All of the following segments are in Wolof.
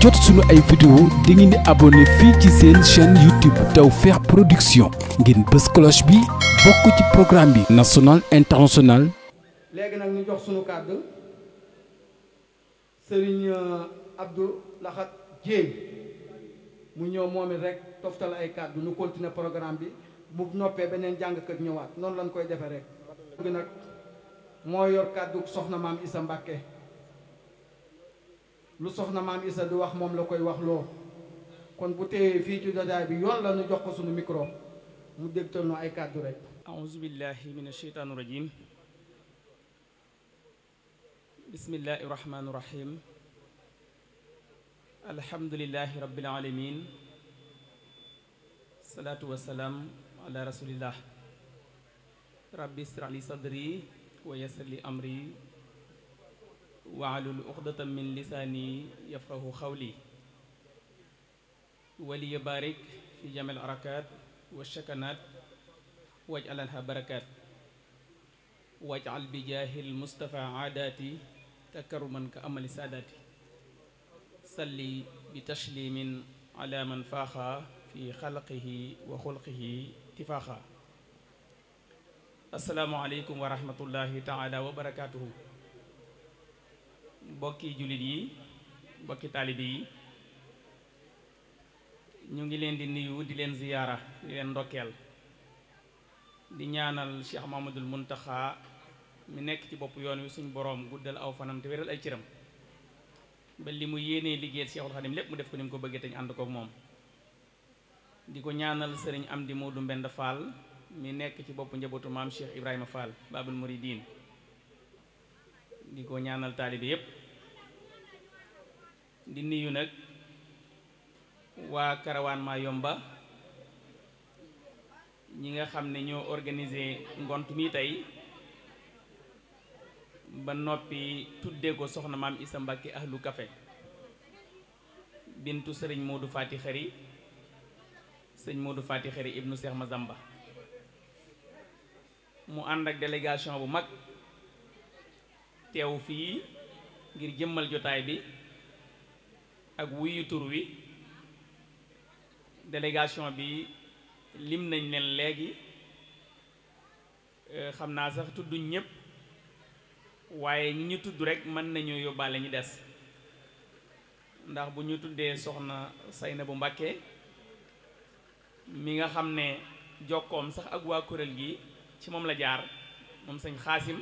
jot suñu ay vidéo da ngeen di abonné fii ci seen chaîne YouTube Tawfekh Production ngeen bës cloche bi bokk ci programme bi national international léegi nag ñu jox suñu kàddu Serigne euh, Abdou Lahat Dieng mu ñëw moom it rek toftal ay kàddu ñu continuer programme bi mu noppee beneen jàngkat ñëwaat noonu lañ koy defee rek moo yor kàddu soxna maam Issa Mbàkke lu soxna maam Isa di wax moom la koy wax loo kon bu teewee fii ci jotaay bi yoon la nu jox ko sunu micro mu dégtal nu ay kàddu rek aouzu billahi min asheytaani rajim bismillahi rahmaani rahim alhamdulilahi rabbil alamin salaatu wasalaam ala rasulillah rabbi israh li amri wahlul uqdatan min lisaani yafqahu qawli wali barik fi jamil arakaat wa shakanaat waj alalha barakaat waj al bi jaahil mustafa aadaati takaruman ka amali saadaati salli bi taslimin ala man faaxa fi xalqihi wa xulqihi tifaaxa assalaamu aleykum wa rahmatullahi taala wa barakaatuhu mbokki jullit yi mbokki taalibe yi ñu ngi leen di nuyu di leen ziyaara di leen ndokkeel di ñaanal Cheikh Mamadul Muntaxa mi nekk ci bopp yoon wi suñu boroom guddal aw fanam te wéral ay cëram ba li mu yéenee liggéeyal Cheikhul Xadim lépp mu def ko ni mu ko bëggee te ñu ànd kook moom di ko ñaanal sëriñ Amdi Moodu Mbend Fall mi nekk ci bopp njabootu maam Cheikh Ibrahima Fall Babul Muridin di ko ñaanal taalibe yépp di nuyu nag waa karawaan ma yomba ñi nga xam ne ñoo organisé ngont mi tey ba noppi tuddee ko soxna maam Issa Mbacke ahlu kafe bintu sëriñ moodu Fati Xari sëñ Modou Fati Xari ibnu ma Mazamba mu ànd ak délégation bu mag teew fii ngir jëmmal jotaay bi ak wuyu tur wi délégation bi lim nañ leen léegi euh, xam naa sax tudd ñëpp waaye ñi ñu tudd rek mën nañu yóbbaale ñu des ndax bu ñu tuddee soxna na bu Mbàkke mi nga xam ne jokkoom sax ak waa kuréel gi ci moom la jaar moom sañ xaasim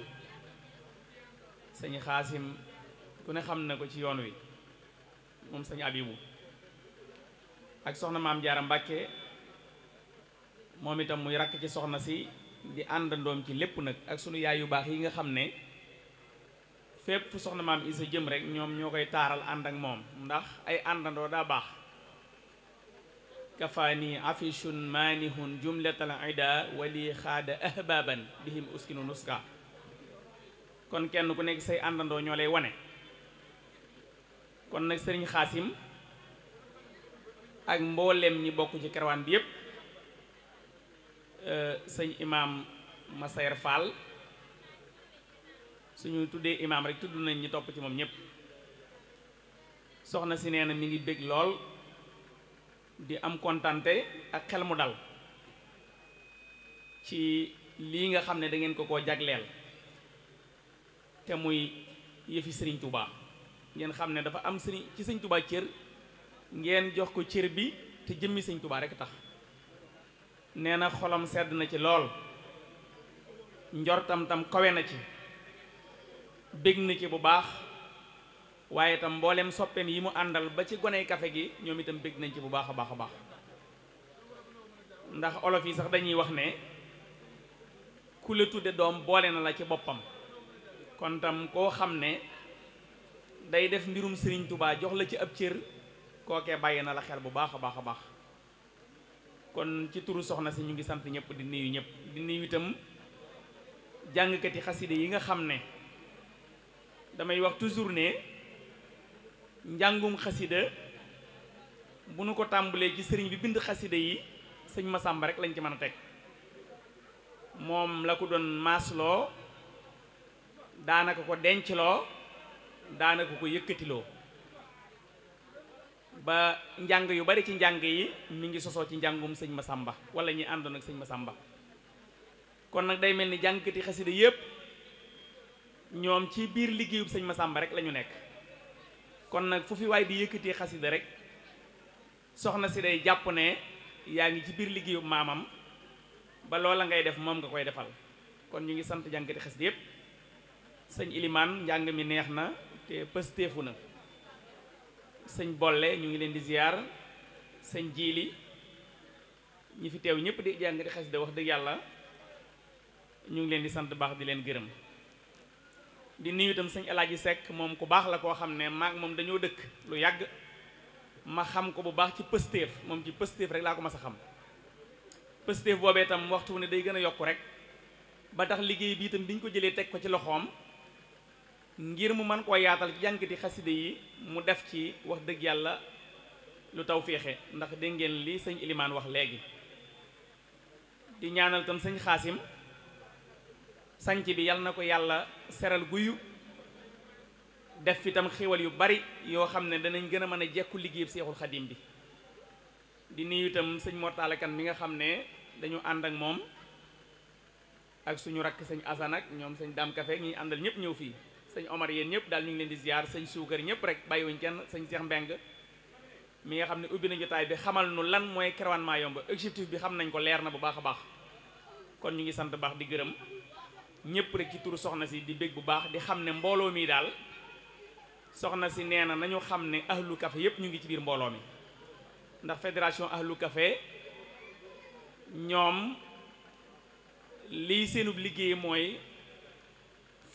sëñ xaasim ku ne xam na ko ci yoon wi moom sëñ Abibu ak soxna maam Jaara Mbàkke moom itam muy rakk ci soxna si di àndandoom ci lépp nag ak sunu yaay yu baax yi nga xam ne fépp fu soxna maam isa jëm rek ñoom ñoo koy taaral ànd ak moom ndax ay àndandoo daa baax kafaani afishun maanihun jumlatal ida wali xaada ahbaban bihim uskinu nuska kon kenn ku nekk say àndandoo ñoo lay wane kon nag sëriñ xaasim ak mboolem ñi bokk ci karawaan bi yépp euh, sëñ imaam Masayer Fall suñu tuddee imaam rek tudd nañ ñi topp ci moom ñépp soxna si nee na mi ngi bég lool di am kontante ak xel mu dal ci lii nga xam ne dangeen ngeen ko koo jagleel te muy yëfi sëriñ Touba. ngeen xam ne dafa am sëriñ ci sëñ tubaa cër ngeen jox ko cër bi te jëmmi sëñ tubaa rek tax nee na xolam sedd na ci lool njortam tam kawe na ci bég na ci bu baax waaye tam mbooleem soppeem yi mu àndal ba ci gone kafe gi ñoom itam bég nañ ci bu baax a baax a baax ndax olof yi sax dañuy wax ne ku la tudde doom boole na la ci boppam kon tam koo xam ne day def mbirum sëriñ tubaa jox la ci ab cër kooke bàyyi na la xel bu baax a baax a baax kon ci turu soxna si ñu ngi sant ñëpp di nuyu ñëpp di nuyu itam jàngkati xaside yi nga xam ne damay wax toujours ne njàngum xasida bu nu ko tàmbalee ci sëriñ bi bind xasida yi sëñ Masamba rek lañ ci mën a teg moom la ko doon maasloo daanaka ko dencloo daanaka ko yëkkatiloo ba njàng yu bari ci njàng yi mu ngi sosoo ci njàngum sëñ Masamba wala ñi ànd ak sëñ Masamba kon nag day mel ni jàngkati xasida yépp ñoom ci biir liggéeyub sëñ Masamba rek lañu nekk kon nag fu fi waay di yëkkati xasida rek soxna si day jàpp ne yaa ngi ci biir liggéeyub maamam ba loola ngay def moom nga koy defal kon ñu ngi sant jàngkati xasida yépp sëñ Ilimane njàng mi neex na te pësteefu na sëñ bolle ñu ngi leen di ziar sëñ jiili ñu fi teew ñëpp di jàng di de wax dëgg yàlla ñu ngi leen di sant baax di leen gërëm di nuyu itam sëñ yi sekk moom ku baax la koo xam ne maag moom dañoo dëkk lu yàgg ma xam ko bu baax ci pësteef moom ci pësteef rek laa ko mas a xam pësteef boobee itam waxtu ne day gën a yokku rek ba tax liggéey bi itam biñ ko jëlee teg ko ci loxoom ngir mu man koo yaatal ci jànkati xaside yi mu def ci wax dëgg yàlla lu taw féexe ndax dégg ngeen li sëñ ilimaan wax léegi di ñaanal tam sëñ xaasim sanc bi yal na ko yàlla seral guyu def fi tam xéwal yu bari yoo xam ne danañ gën a mën a jekku liggéeyub seexul xadim bi di nuyu itam sëñ mortaale kan mi nga xam ne dañu ànd ak moom ak suñu rakk sëñ asan ak ñoom sëñ daam kafe ñuy àndal ñëpp ñëw fii sëñ Omar yéen ñëpp daal ñu ngi leen di ziar sañ suukar ñëpp rek bàyyiwuñ kenn sëñ Cheikh Mbeng mi nga xam ne ubbi nañu jotaay bi xamal nu lan mooy Caravane Ma Yomba objectif bi xam nañ ko leer na bu baax baax kon ñu ngi sant baax di gërëm ñëpp rek ci turu soxna si di bég bu baax di xam ne mbooloo mi daal soxna si nee na nañu xam ne ahlu kafe yëpp ñu ngi ci biir mbooloo mi ndax fédération ahlu kafe ñoom lii seenu liggéey mooy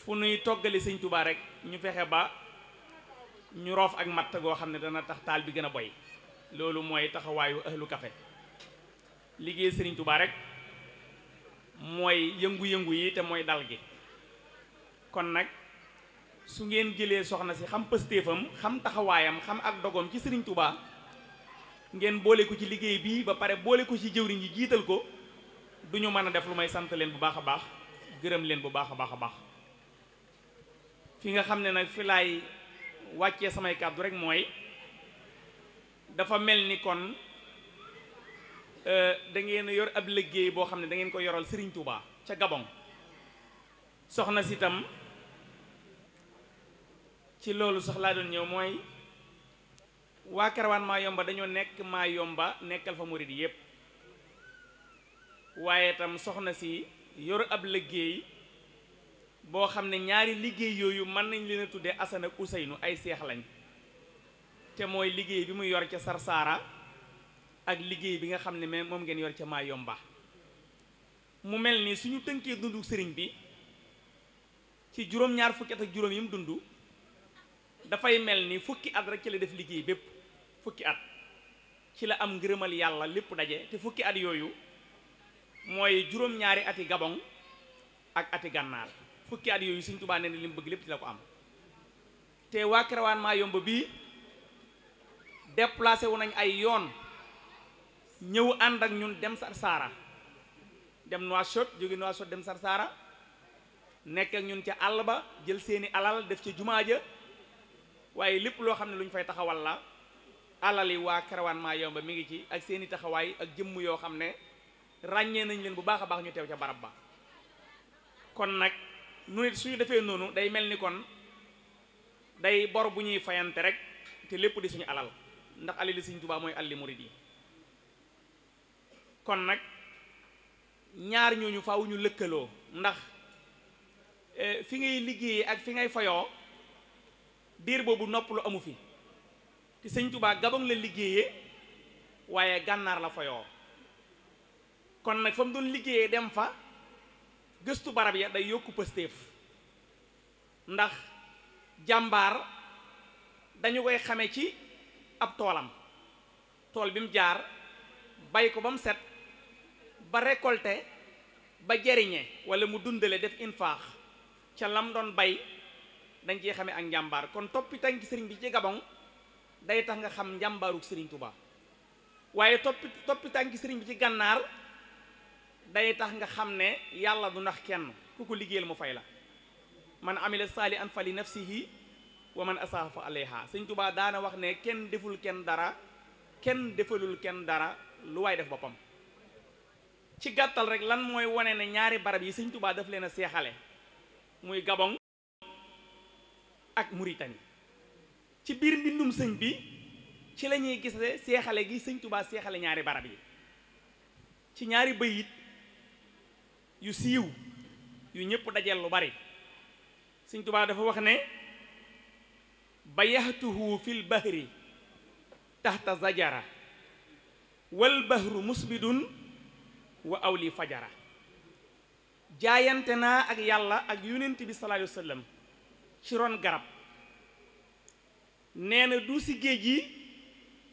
fu nuy toggale sëñ tubaa rek ñu fexe ba ñu roof ak matt goo xam ne dana tax taal bi gën a boy loolu mooy taxawaayu ahlu kafe liggéey sëriñ tubaa rek mooy yëngu-yëngu yi te mooy dal gi kon nag su ngeen jëlee soxna si xam pëstéefam xam taxawaayam xam ak dogoom ci sëriñ tubaa ngeen boole ko ci liggéey bii ba pare boole ko ci jëwriñ yi jiital ko duñu mën a def lu may sant leen bu baax a baax gërëm leen bu baax a baax a baax fi nga xam ne nag fi laay wàccee samay kàddu rek mooy dafa mel ni kon euh, da ngeen yor ab liggéey boo xam ne da ngeen ko yoral Serigne Touba ca Gabon soxna si tam ci loolu sax laa doon ñëw mooy waa Caravane Mayumba dañoo nekk Mayumba nekkal fa murid yépp waaye tam soxna si yor ab liggéey boo xam ne ñaari liggéey yooyu mën nañ leen a tuddee Assane ak Ousseynou ay seex lañ te mooy liggéey bi mu yor ca Sarsara ak liggéey bi nga xam ne moom ngeen yor ca Mayomba mu mel ni suñu tënkee dundu sëriñ bi ci juróom-ñaar fukki at ak juróom yi mu dundu dafay mel ni fukki at rek ci la def liggéey bépp fukki at ci la am ngërëmal yàlla lépp daje te fukki at yooyu mooy juróom-ñaari ati Gabon ak ati gànnaar fukki at yooyu Sëñ Tuubaa nee na li mu bëgg lépp ci la ko am te waa Caravane Mayumba bii déplacé wu nañ ay yoon ñëw ànd ak ñun dem Sarsara dem Nouakchott jóge Nouakchott dem Sarsara nekk ak ñun ca àll ba jël seeni alal def ca jumaa ja waaye lépp loo xam ne luñ fay taxawal la alal yi waa Caravane Mayumba mi ngi ci ak seeni taxawaay ak jëmm yoo xam ne ràññee nañ leen bu baax a baax ñu teew ca barab ba kon nag nu nit suñu defee noonu day mel ni kon day bor bu ñuy fayante rek te lépp di suñu alal ndax alali Sëriñ tubaa mooy alali murid yi kon nag ñaar ñooñu faaw ñu lëkkaloo ndax e, fi ngay liggéeyee ak fi ngay fayoo diir boobu nopp lu amu fi te Sëriñ Tuubaa Gabon la liggéeyee waaye gànnaar la fayoo kon nag fa mu doon liggéeyee dem fa gëstu barab ya day yokku pëstéef ndax jàmbaar dañu koy xame ci ab toolam tool bi mu jaar bay ko ba set ba récolté ba jariñe wala mu dundale def infaax ca lam doon bay dañ cee xame ak njàmbaar kon toppi tànki sëriñ bi ci gabon day tax nga xam njàmbaaru sëriñ Tuubaa waaye toppi toppi tànki sëriñ bi ci gànnaar day tax nga xam ne yàlla du ndax kenn ku ko liggéeyal mu fay la man amila saali an fali nafsihi wa man asaa fa alayha sëñ tubaa daana wax ne kenn deful kenn dara kenn defalul kenn dara lu waay def boppam ci gàttal rek lan mooy wane ne ñaari barab yi sëñ tubaa daf leen seexale muy Gabon ak Mauritanie ci biir mbindum sëñ bi ci la ñuy gise seexale gi sëñ tubaa seexale ñaari barab yi ci ñaari bayit yu siiw yu ñëpp dajeel lu bari sëñ Tuubaa dafa wax ne bayaxtuhu fil bahri taxta zajara wal bahru musbidun wa awli fajara jaayante naa ak yàlla ak yonent bi sallallahu alayhi wa ci ron garab nee na du si géej yi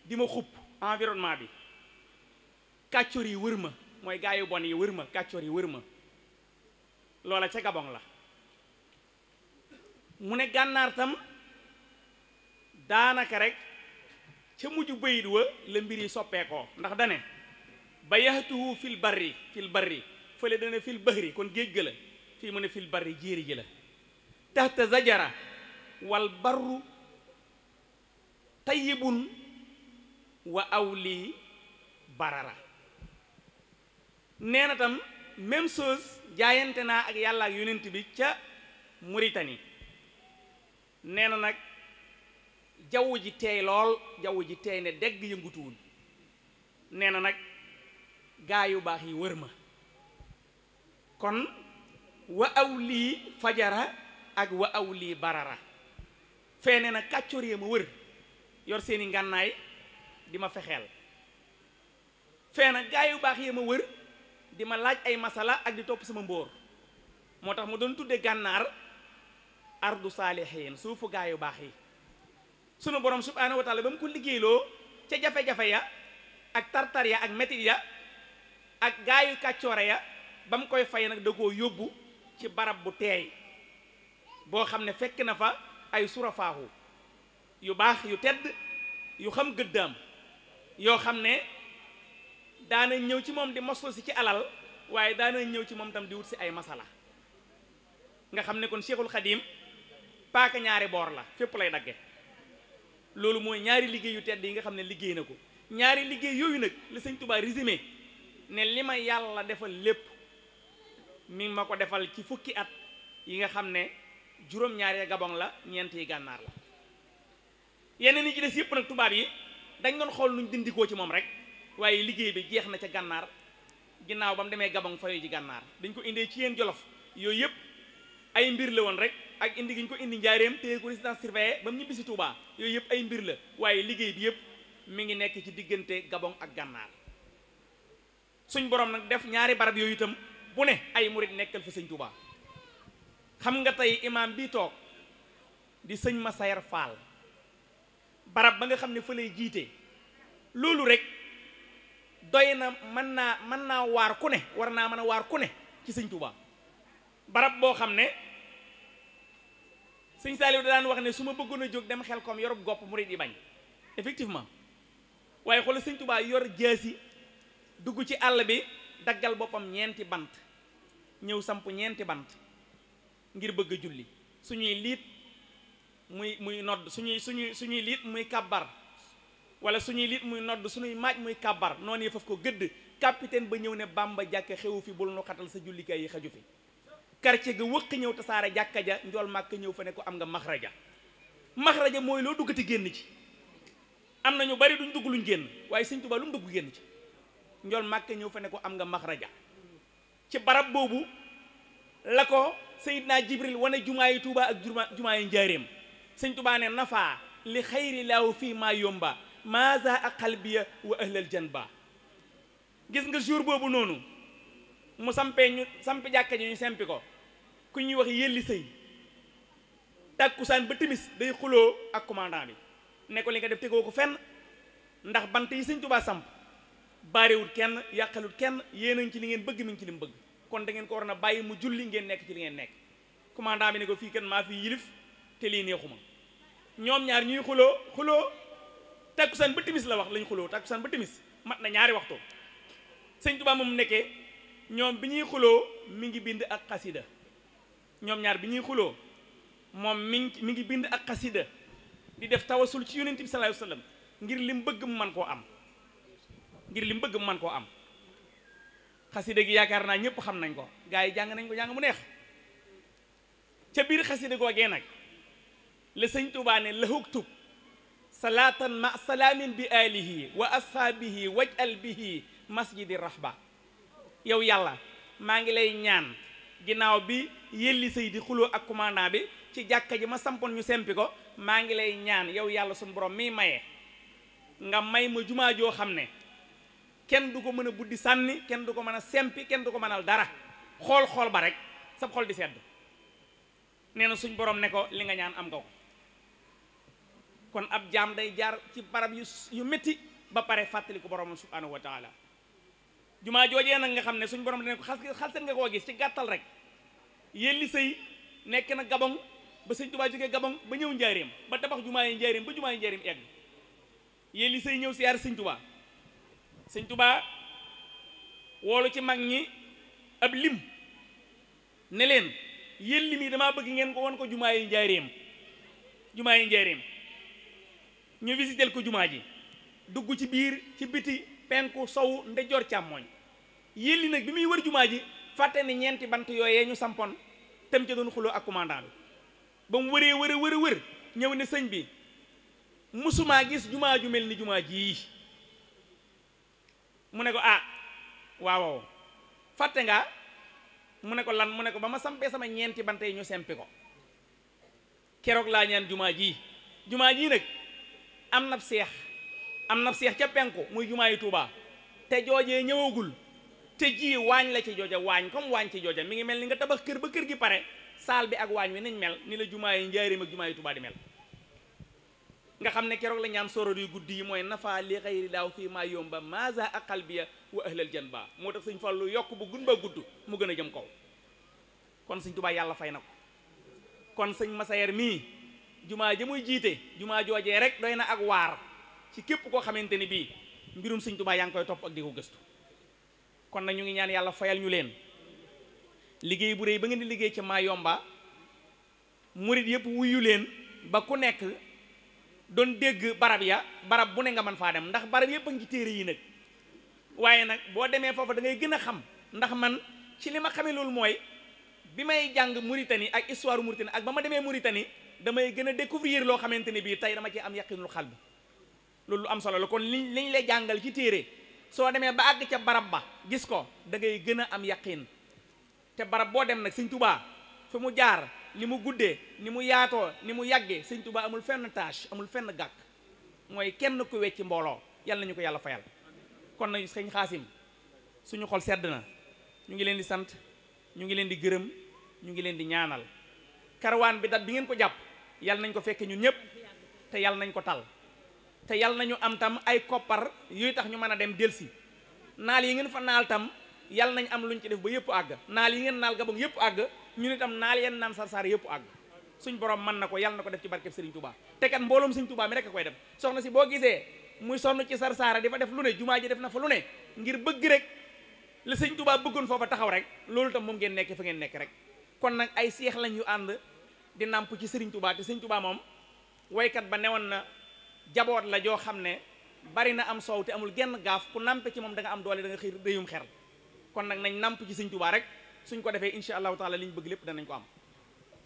di ma xupp environnement bi kàccoor yi wër ma mooy gaa yu bon yi wër ma kàccoor yi wër ma loola ca Gabon la mu ne gànnaar tam daanaka rek ca mujj bayit wa la mbir yi soppeekoo ndax dane ba yaxtuhu fil barri fil barri fële dana fil bahri kon géej ga la fii mu la taxta zajara wal barru tayyibun wa awli barara nee tam même chose jaayante naa ak yàlla ak bi ca muritani nee na nag jaww ji teey lool jaww ji teey ne dégg yëngutuwul nee na nag gaa yu baax yi wër ma kon wa aw lii fajara ak wa aw lii barara fee nee na kàccoor yee ma wër yor seeni ngànnaay di ma fexeel fee na gaa yu baax yee ma wër di ma laaj ay masala ak di topp sama mbóor moo tax mu doon tudde gànnaar ardu saalihiin suufu gaa yu baax yi sunu borom subhaanahu wa taala ba mu ko liggéeyloo ca jafe-jafe ya ak tartar ya ak métit ya ak gaa yu kàccoore ya ba mu koy fay nag da yóbbu ci barab bu teey boo xam ne fekk na fa ay surafaahu yu baax yu tedd yu xam gëddaam yoo xam ne daana ñëw ci moom di moslu si ci alal waaye daana ñëw ci moom tam di wut si ay masala nga xam ne kon Cheikhul Khadim paaka ñaari boor la fépp lay dagge loolu mooy ñaari liggéey yu tedd yi nga xam ne liggéey na ko ñaari liggéey yooyu nag la sëñ Touba résumé ne li ma yàlla defal lépp mi ngi ma ko defal ci fukki at yi nga xam ne juróom-ñaari gabon la ñeenti gànnaar la yeneen yi ci des yëpp nag tubaab yi dañ doon xool nuñ dindikoo ci moom rek waaye liggéey bi jeex na ca gànnaar ginnaaw ba mu demee gabon fayo ji gànnaar dañ ko indee ci yéen jolof yooyu yëpp ay mbir la woon rek ak indi gi ñu ko indi njaareem téye ko résidence surveillée ba mu ñibbisi Touba yooyu yëpp ay mbir la waaye liggéey bi yëpp mi ngi nekk ci diggante gabon ak gànnaar suñ borom nag def ñaari barab yooyu itam bu ne ay murit nekkal fa sëñ Touba xam nga tey imaam bi toog di sëñ ma Massayer Fall barab ba nga xam ne fa lay jiite loolu rek doy na mën naa mën naa waar ku ne war naa mën a waar ku ne ci sëñ Tuubaa barab boo xam ne sëñ Saaliw da daan wax ne su ma bëggoon a jóg dem xel koom yorub gopp murit yi bañ effectivement waaye xoolal sëñ Tuubaa yor jaasi dugg ci àll bi daggal boppam ñeenti bant ñëw samp ñeenti bant ngir bëgg a julli suñuy liit muy muy nodd suñuy suñuy suñuy liit muy kàbbar wala suñuy lit muy nodd suñuy maaj muy kàbbar noonu faf ko gëdd capitaine ba ñëw ne baam ba jàkk xewu fi bul nu xatal sa jullikaay yi xaju fi quartier ga wëq ñëw tasaare jàkka ja njool màkk ñëw fa ne ko am nga maxraja maxraja mooy loo dugg duggati génn ci am na ñu bari duñ dugg luñ génn waaye sëñ Tuubaa lu mu dugg génn ci njool màkk ñëw fa ne ko am nga maxraja ci barab boobu la ko Seydina Jibril wane jumaa yi Tuubaa ak jurmaa jumaa yi njaareem sëñ Tuubaa ne nafaa li xayri fii maa yomba maasa ak xalbiya wa ahlal baa gis nga jour boobu noonu mu sampee ñu sampi jàkka ji ñu sempi ko ku ñuy wax yëlli sëy tàkkusaan ba timis day xuloo ak commandant bi nekk li nga def tegoo ko fenn ndax bant yi sëñ Tuubaa samp baarewut kenn yàqalut kenn yéenañ ci li ngeen bëgg mi ngi ci li bëgg kon da ngeen ko war na bàyyi mu julli ngeen nekk ci li ngeen nekk commandant bi ne ko fii kenn maa fi yilif te lii neexuma ñoom ñaar ñuy xuloo xuloo tàkkusaan ba timis la wax lañ xuloo tàkkusaan ba timis mat na ñaari waxtu sëñ Tuubaa moom nekkee ñoom bi ñuy xuloo mi ngi bind ak xasida ñoom ñaar bi ñuy xuloo moom mi ngi mi ngi bind ak xasida di def tawasul ci yonent bi sallallahu alayhi ngir li mu bëgg mu man koo am ngir li mu bëgg koo am xasida gi yaakaar naa ñëpp xam nañ ko gaa yi jàng nañ ko jàng mu neex ca biir xasida googee nag la sëñ Tuubaa ne la hugtub salaatan ma salaamin bi alihi wa bi ashaabihi wajal bihi masjidi rahba yow yàlla maa ngi lay ñaan ginnaaw bi yëlli sëy di xuloo ak commandant bi ci jàkka ji ma sampoon ñu sempi ko maa ngi lay ñaan yow yàlla suñ boroom mii mayee nga may ma jumaa joo xam ne kenn du ko mën a buddi sànni kenn du ko mën a sempi kenn du ko mënal dara xool xool ba rek sab xol di sedd nee na suñ borom ne ko li nga ñaan am nga ko kon ab jaam day jaar ci barab yu yu metti ba pare fàttali ko boromam subhanahu wa taala jumaa joojee nag nga xam ne suñ borom dane ko xalseen nga koo gis ci gàttal rek yelli sëy nekk na gabon ba sëñ jóge jógee ba ñëw njaareem ba tabax jumaa yi njaareem ba jumaa yi njaareem egg yelli sëy ñëw siyaar sëñ Tuubaa sëñ Tuubaa woolu ci mag ñi ab lim ne leen yelli mi damaa bëgg ngeen ko won ko jumaa yi njaareem jumaa yi njaareem ñu visiteel ko jumaa ji dugg ci biir ci biti penku sow ndejoor càmmooñ yéeli nag bi muy wër jumaa ji fàtte ni ñeenti bant yee ñu sampoon tem ca doon xuloo ak commandant bi ba mu wëree wër wër wër ñëw ne sëñ bi musumaa gis jumaa ju mel ni jumaa jii mu ne ko ah waaw fàtte nga mu ne ko lan mu ne ko ba ma sampee sama ñeenti bant yi ñu sempi ko keroog laa ñaan jumaa jii jumaa jii nag am nab seex am nab seex ca penku muy jumaa yi Tuuba te joojee ñëwagul te ji waañ la ci jooja waañ comme waañ ci jooja mi ngi mel ni nga tabax kër ba kër gi pare saal bi ak waañ wi nañ mel ni la jumaayi njaaréem ak jumaayi Tuuba di mel nga xam ne keroog la ñaan soror yu guddi yi mooy nafa li xayri daaw fii maa yomba maza ak qalbiya wa ahlal jan ba moo tax sëñ Fallu yokk bu gun ba gudd mu gën a jëm kaw kon sëñ Tuubaa yàlla fay na ko kon sëñ Masayer mii jumaa ja jiite jumaa joojee rek doy na ak waar ci képp koo xamante ni bii mbirum sëñ Tuubaa yaa ngi koy topp ak di ko gëstu kon na ñu ngi ñaan yàlla fayal ñu leen liggéey bu réy ba ngeen di liggéey ca yomba murit yëpp wuyu leen ba ku nekk doon dégg barab ya barab bu ne nga mën faa dem ndax barab yëpp a ngi téere yi nag waaye nag boo demee foofa da ngay gën a xam ndax man ci li ma xamee loolu mooy bi may jàng Mauritanie ak histoire Mauritanie ak ba ma demee Mauritanie damay gën a découvrir loo xamante ne bii tey dama ci am yaqinul xal bi loolu lu am solo la kon liñ liñ lay jàngal ci téere soo demee ba àgg ca barab ba gis ko dangay gën a am yaqin te barab boo dem nag sëñ tubaa fi mu jaar ni mu guddee ni mu yaatoo ni mu yàggee sëñ tubaa amul fenn tâche amul fenn gàkk mooy kenn ku wecci mbooloo yàlla nañu ko yàlla fayal kon nag sëñ xaasim suñu xol sedd na ñu ngi leen di sant ñu ngi leen di gërëm ñu ngi leen di ñaanal karawaan bi dat bi ngeen ko jàpp yal nañ ko fekkee ñun ñëpp te yal nañ ko tal te yal nañu am tam ay koppar yuy tax ñu mën a dem delsi naal yi ngeen fa naal tam yal nañ am lu luñ ci def ba yëpp àgg naal yi ngeen naal gabon yëpp àgg ñun itam naal yenn naan sar sar yëpp àgg suñ borom mën na ko yal na ko def ci barkeb Serigne Touba te kat mbooloom Serigne Touba mi rek a koy def soxna si boo gisee muy sonn ci sar saara di fa def lu ne jumaa ji def na fa lu ne ngir bëgg rek la Serigne Touba bëggoon foofa taxaw rek loolu tam moom ngeen nekk fa ngeen nekk rek kon nag ay seex lañ yu ànd di nàmp ci sëriñ tubaa te sëriñ tubaa moom woykat ba newoon na jaboot la joo xam ne bari na am soow te amul genn gaaf ku nampe ci moom da am doole da nga xëy réyum xer kon nag nañ namp ci sëriñ tubaa rek suñ ko defee incha allahu taala li ñu bëgg lépp danañ ko am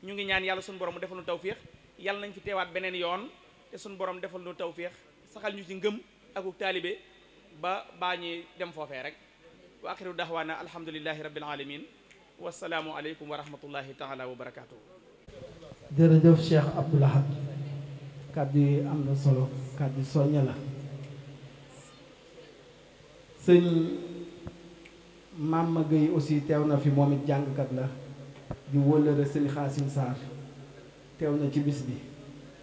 ñu ngi ñaan yàlla suñu borom mu defal nu tawféex yàlla nañ fi teewaat beneen yoon te suñu borom defal nu tawféex saxal ñu ci ngëm aku taalibe ba baa ñuy dem foofee rek wa axiru dahwaana alhamdulillahi rabbil alamin wasalaamu aleykum wa rahmatullahi taala wa barakatuhu jërëjëf Cheikh Abdou kat kàddu am na solo kat kàddu soññe la sëñ maam Mama Gueye aussi teew na fi moom it jàngkat la di wëllëre sëñ Xaasim Sarr teew na ci bis bi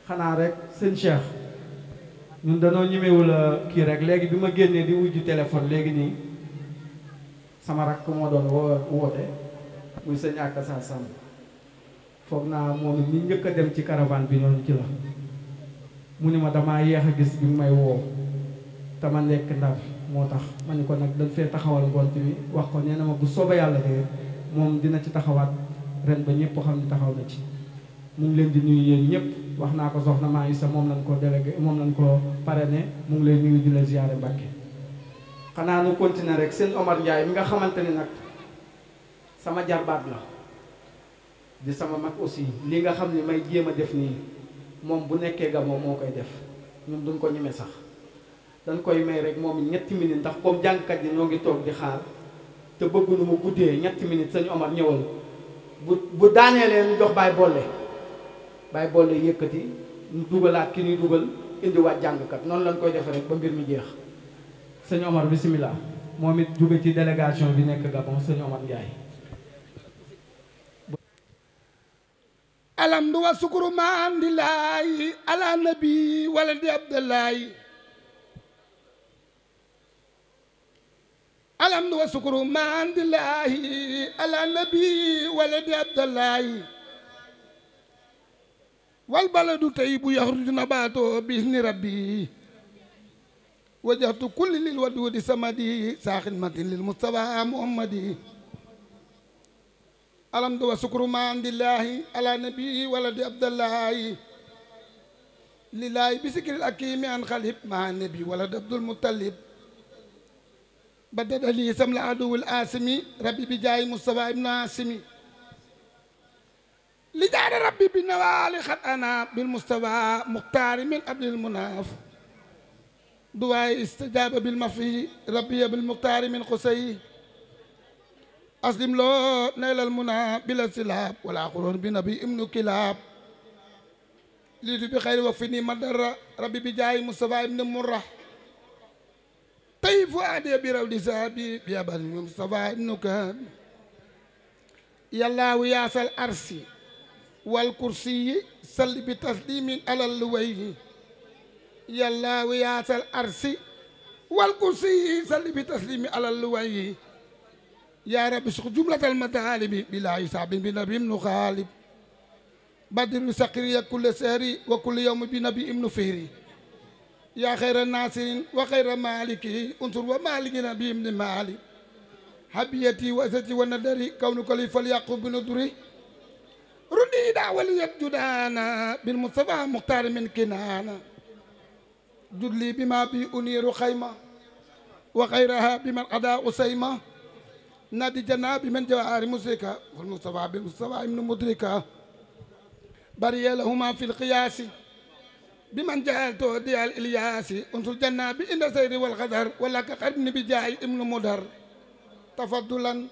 xanaa rek sëñ Cheikh ñun danoo ñemewul kii rek léegi bi ma génnee di wujju téléphone léegi nii sama rakk moo doon woo woote muy sëñ Akassa Samb foog naa moom it ñi njëkk dem ci caravane bi ñooñu ci la mu ne ma damaa yeex a gis bi may woo te ma nekk ndaf moo tax ma ne ko nag dañ fee taxawal ngont bi wax ko nee na ma bu soobee yàlla de moom dina ci taxawaat ren ba ñëpp xam ne taxaw na ci mu ngi leen di nuyu yéen ñëpp wax naa ko soxna maa isa moom lañ ko délégué moom lañ ko ne mu ngi leen nuyu di la ziyaare Mbàkke xanaa nu continuer rek seen Omar Ndiaye mi nga xamante ni nag sama jarbaat la di sama mag aussi lii nga xam ni may jéem a def nii moom bu nekkee gamoo moo koy def ñun duñ ko ñemee sax dañ koy may rek moom ñetti minutes ndax comme jàngkat yi ñoo ngi toog di xaar te bëgguñu mu guddee ñetti minutes sañu Omar ñëwal bu bu daaneelee ñu jox Baye Bolle Baye Bolle yëkkati ñu dugalaat ki ñuy dugal indiwaat jàngkat noonu lañ koy defe rek ba mbir mi jeex sëñ Omar bisimilah moom it jóge ci délégation bi nekk Gabon sëñ Omar Ndiaye alamdu wa sukuru ma andilaay ala nabi wala di abdallaay alamdu wa sukuru ma andilaay ala nabi wala di abdallaay wal baladu tayyibu yaxruju nabaatoo biizni rabbi wajjahtu kulli lil wadudi samadi saa xidmatin lil mustapha muhammadi alhamdu wa sukru ma andillahi ala nabii waladi abdallahi lillahi bi sikril akimi an xalib ma nabi walad abdul muttalib badada lii sam la aduwul asimi rabbi bi jaay mustafa ibnu asimi li jaada rabbi bi nawaali xat ana bil mustafa muxtaari min abdil munaaf duwaay istijaaba bil mafi rabbiya bil muxtaari min xusayi aslim loo naylal muna bila silab wala xuroon bi nabi ibnu kilab liitu bi xayri wax fi nii madara rabbi bi jaay Mustafa ibnu murra tey fu aadee bi raw di saabi bi abal Mustafa ibnu kaab yallaahu yaasal arsi wal kursiyi salli bi taslimin alal luwayi yallaahu yaasal arsi wal kursiyi salli bi taslimin alal luwayi يا رب اسق جملة المثالب بلا حساب بنبي ابن خالب بدر سقري كل سهري وكل يوم بنبي ابن فهري يا خير الناصرين وخير مالكه انصر ومالك نبي ابن مالك حبيتي وأساتي وندري كونك لي فليعقب بندري ردي دعوة جدانا بالمصطفى مختار من كنانا جدلي بما بي أنير خيمة وخيرها بمن أداء سيمه نادي جناب من جواهر موسيقى والمصطفى بالمصطفى من مدركة بري لهما في القياس بمن جعلته ديال الإلياس انصر جناب إن سيري والغدر ولك قرن بجاي ابن مدر تفضلا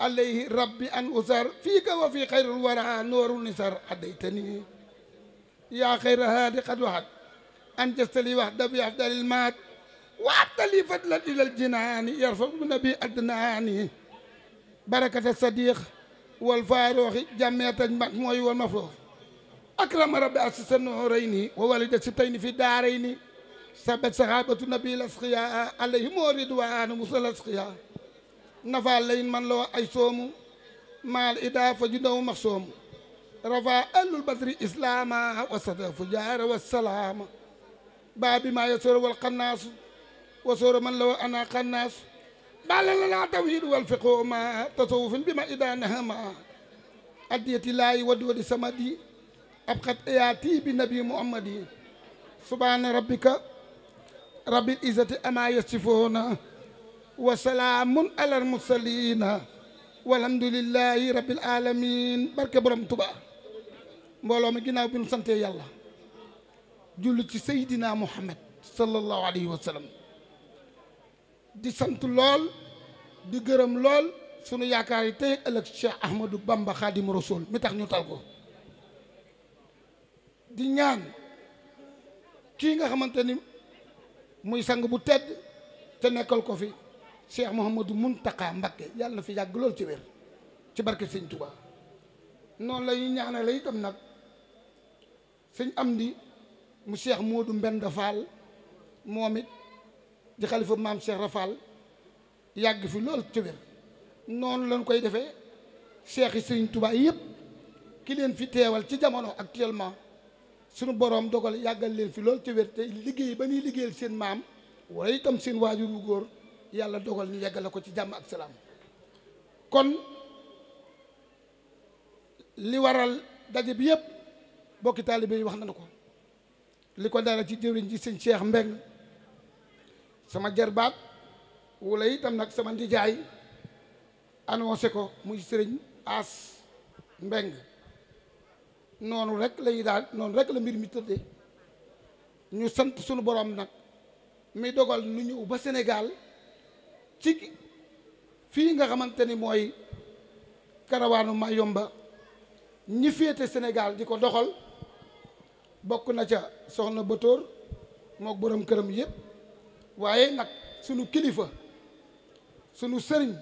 عليه ربي أن أسر فيك وفي خير الورى نور النسر أديتني يا خير هادي قد وحد أنجزت لي وحدة بأفضل المات وأعطى لي فضلا إلى الجنان يرفع النبي أدناني barakata sadiq wal faarooxi jàmmeetañ mag mooy wal ma foox akrama rabbi asisa nooray nii wa walida si tey ni fi daaray ni sabet sahabatu nabil asqiya alayhimu ridwaanu musal asqiya nafa layin man loo ay soomu maal ida fa ju ndaw max soomu rafa allul badri islaama wa sada fu jaara wa salaama baabi maa yasoro wal xannaasu wa soro man loo ana xannaasu bala lana tawhid wal fiqhu ma tasawufin bima idanahama addiyati laayi wadi wadi samadi bi nabi muhammadi subhana rabbika rabbil izzati ama yasifuna wa salaamun alal mursalina walhamdulillahi rabbil alamin barke borom tuba mbooloo mi ginnaaw bi nu sante yàlla jullu ci seydina muhammad sallallahu alayhi wa di sant lool di gërëm lool sunu yaakaar yi tey ëllëg Cheikh Ahmadou Bamba Khadim Rasoul mi tax ñu tal ko di ñaan kii nga xamante ni muy sang bu tedd te nekkal ko fi Cheikh Mouhamadou Mountakha Mbacké yàlla na fi yàgg lool ci wér ci barke sëñ Touba noonu la ñuy ñaanale itam nag sëñ Amdi mu Cheikh Modou Mbenda Fall moom it di xalifa maam Cheikh Rafal yàgg fi lool te wér noonu lañ koy defe cheikh yi sëriñ tubaay yëpp ki leen fi teewal ci jamono actuellement suñu boroom dogal yàggal leen fi lool te wér te liggéey ba ñuy liggéeyal seen maam wala itam seen waajur wu góor yàlla dogal ñu yàggale ko ci jàmm ak salaam kon li waral daje bi yëpp bokki taalibe yi wax nañu ko li ko dara ci jëwriñ ji sëñ Cheikh Mbeng sama jarbaat wala itam nag sama ndijaay annoncé ko muy sëriñ As Mbeng noonu rek lañuy daal noonu rek la mbir mi tëdde ñu sant sunu borom nag mi dogal nu ñëw ba senegaal ci fii nga xamante ni mooy karawaanu Mayomba ñi féete Sénégal di ko doxal bokk na ca soxna Batóor mook borom këram yépp waaye nag sunu kilifa sunu sëriñ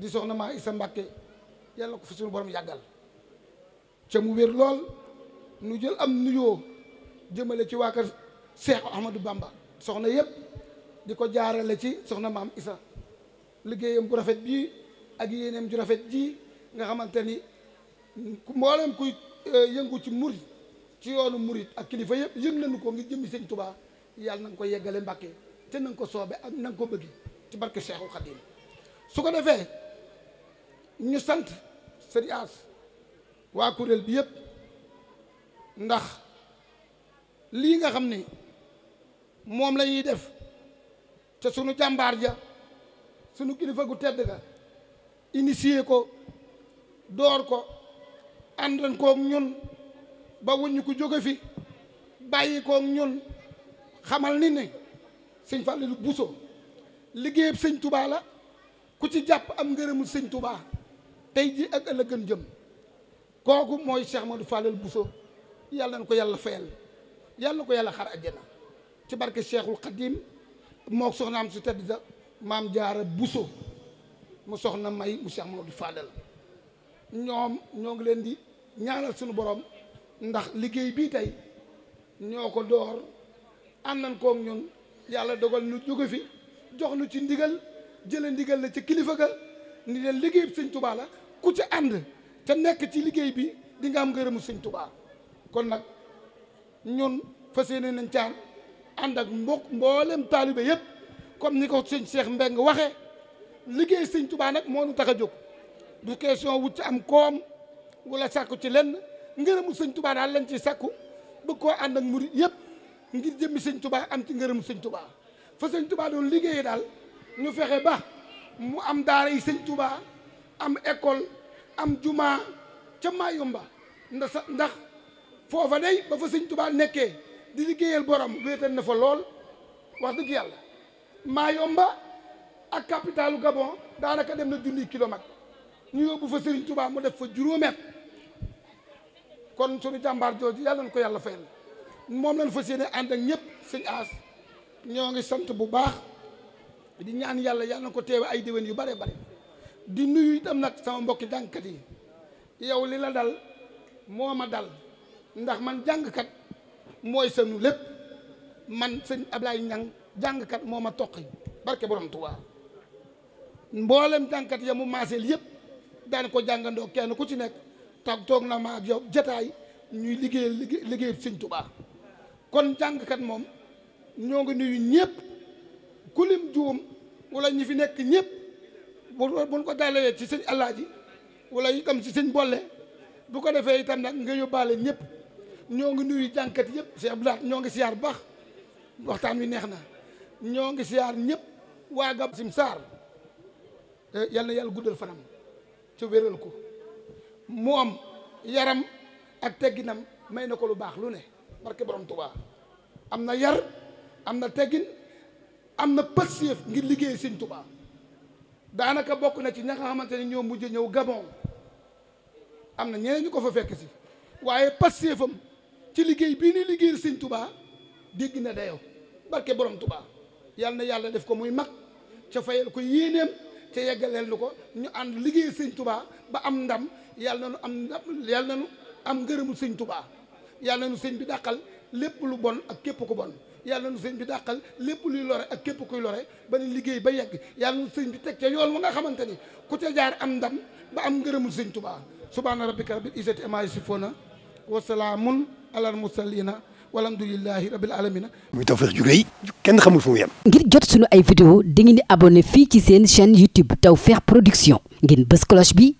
di soxna maa isa mbàkke yàlla ko fi sunu borom yàggal ca mu wér lool nu jël am nuyoo jëmale ci waa kër Seex Ahmadou Bamba soxna yëpp di ko jaarale ci soxna maam isa liggéeyam bu rafet bii ak yéeneem ju rafet ji nga xamante ni mboolem kuy euh, yëngu ci murit ci yoonu murit ak kilifa yëpp yëg nu ko ngir jëmmi sëñ tubaa yàlla na nga ko yeggale Mbàkke te na nga ko soobe ak na nga ko bëgg ci barke Cheikhul Khadim su ko defee ñu sant sëriñ waa kuréel bi yëpp ndax lii nga xam ni moom la ñuy def te sunu jàmbaar ja sunu kilifa gu tedd ga initié ko door ko àndan koog ñun ba wuñu ko jóge fi bàyyi koog ñun xamal ni ne sëñ Fallou Bousso liggéeyab sëñ Touba la ku ci jàpp am ngërëmul sëñ Touba tey ji ak ëllëgën jëm kooku mooy Cheikh du Fallou Bousso yàlla na ko yàlla fayal yàlla na ko yàlla xar àjjana ci barke Cheikhul Khadim moo soxnaam su tedd da maam jaara Bousso mu soxna may mu Cheikh Amadou Fallou ñoom ñoo ngi leen di ñaanal suñu borom ndax liggéey bii tey ñoo ko door ànd nañ koog ñun yàlla dogal nu jóge fi jox nu ci ndigal jële ndigal la ci kilifa ga ni leen liggéey sëñ tubaa la ku ci ànd te nekk ci liggéey bi di nga am ngërëmu sëñ tubaa kon nag ñun fas yéene nañ caan ànd ak mbokk mboolem taalibe yëpp kon ni ko sëñ Cheikh Mbeng waxee liggéey sëñ tubaa nag moo nu tax a jóg du question wut ci am koom walla sàkku ci lenn ngërëmu sëñ tubaa daal lañ ci sàkku bëgg koo ànd ak murit yëpp ngir jëmmi sëñ tubaa am ci ngërëm sëñ tubaa fa sëñ tubaa doon liggéeyee daal ñu fexe ba mu am daara yi sëñ tubaa am école am jumaa ca yomba ndax ndax foofa day ba fa sëñ tubaa nekkee di liggéeyal borom wéetal na fa lool wax dëgg yàlla maa yomba ak capitalu Gabon daanaka dem na junniy kilomètre ñu yóbbu fa Serigne Touba mu def fa juróomeet kon sunu jàmbaar jooju yàlla na ko yàlla fayal moom lañ fas yéene ànd ak ñëpp sëñ aas ñoo ngi sant bu baax di ñaan yàlla yàlla na ko teewe ay déwén yu bare bare di nuyu tam nag sama mbokki jàngkat yi yow li la dal moo ma dal ndax man jàngkat mooy sanu lépp man sëñ Ablaye Ñang jàngkat moo ma toqi barke borom Tuubaa mboolem jàngkat ya mu maaseel yëpp daan ko jàngandoo kenn ku ci nekk tax toog na ma yow jataay ñuy liggéeya liggéey liggéey sëñ kon jàngkat moom ñoo ngi nuyu ñëpp ku lim juum wala ñi fi nekk ñëpp buñ ko dalee ci sëñ Alaaji wala kam ci sëñ Bolle bu ko defee itam nag nga yóbbaale ñëpp ñoo ngi nuyu jàngkat yëpp Cheikh Abdoulaye ñoo ngi siyaar baax waxtaan wi neex na ñoo ngi siyaar ñëpp waa gab sim saar eh, yal na yàlla guddal fanam ca wéral ko moom yaram ak tegginam may na ko lu baax lu ne barke borom Tuubaa am na yar am na teggin am na pësiyëf ngir liggéey sëñ Tuubaa daanaka bokk na ci ña nga xamante ne ñoo mujj ñëw Gabon am na ñeneen ñu ko fa fekk si waaye pësiyëfam ci liggéey bii ni liggéeyal sëñ Tuubaa dégg na dayo barke borom Tuubaa yàlla na yàlla def ko muy mag ca fayal ko yéeneem ca yeggaleel nu ko ñu ànd liggéey sëñ Tuubaa ba am ndam yàlla na nu am ndam yàlla na nu am ngërëmul sëñ tubaa yàlla nu sëñ bi dàqal lépp lu bon ak képp ku bon yàlla nu seen bi dàqal lépp luy lore ak képp kuy lore ba ne liggéey ba yegg yàlla nu sëñ bi teg ca yoon wa nga xamante ni ku ca jaar am ndam ba am ngërëmul sëñ Tuubaa subhaana rabbika rabbil izzati ammaa yasifuuna wa salaamun alal mursaliina walhamdulillahi rabbil alamina muy Tawfekh ju rëy kenn xamul fu mu yem ngir jot sunu ay vidéo dangeen di abonné fii ci seen chaîne YouTube Tawfekh Production ngeen bës cloche bi